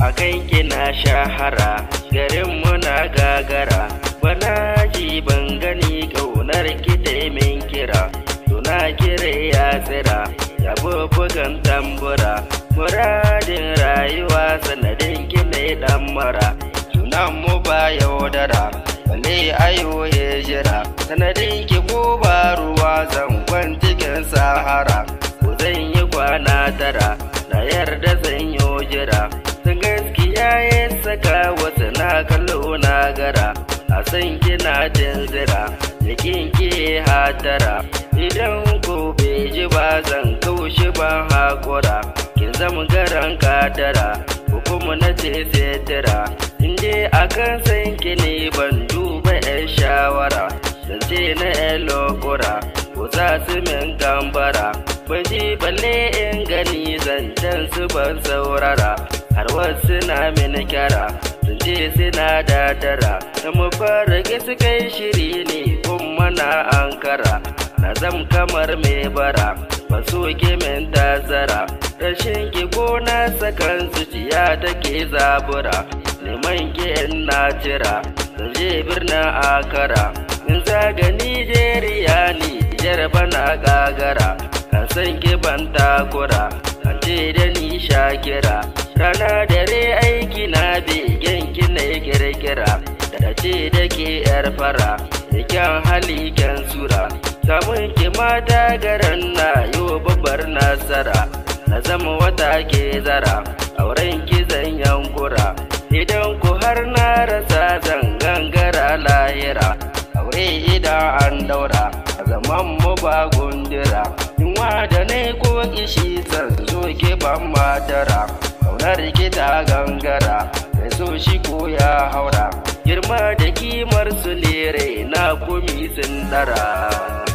a kai kina shahara garin muna gagara bana ji ban gani gaunar ki min kira tuna kire ya tsira ya bubugan tambura muradin rayuwa sanadin ki ne dan mara sunan mu ba yaudara bale ayo ya jira sanadin ki ko ba ruwa zangon cikin sahara ko zan yi kwana tara gagara a san kina dindira yakin ki hatara idan ku ji ba zan kaushi ba hakura kin zama garan ku kuma na ce je a akan san ki ban duba yan shawara ce na yan lokura ku za su min gambara ban ji balle in gani zan su ban saurara har wasu na mini kyara sun je suna da tara da fara su kai shiri ne kun mana ankara na zam kamar mai bara ba su min tazara rashin ki ko na sakan zuciya take zabura neman ki in na jira sun je birnin akara in zaga nijeriya ne jar bana gagara kan san ki ban takura kan ce da ni shakira rana da ce da ke yar fara da kyan hali kyan sura samun ki mata garan na yi babbar nasara na zama wata ke zara auren ki zan yankura idan ku har na rasa zan gangara lahira aure idan an daura a zaman mu ba gundura yunwa da ne ko kishi zan zo ke ban matara kaunar ki gangara da so shi ko ya haura girma da kimar su lere na kumi sun dara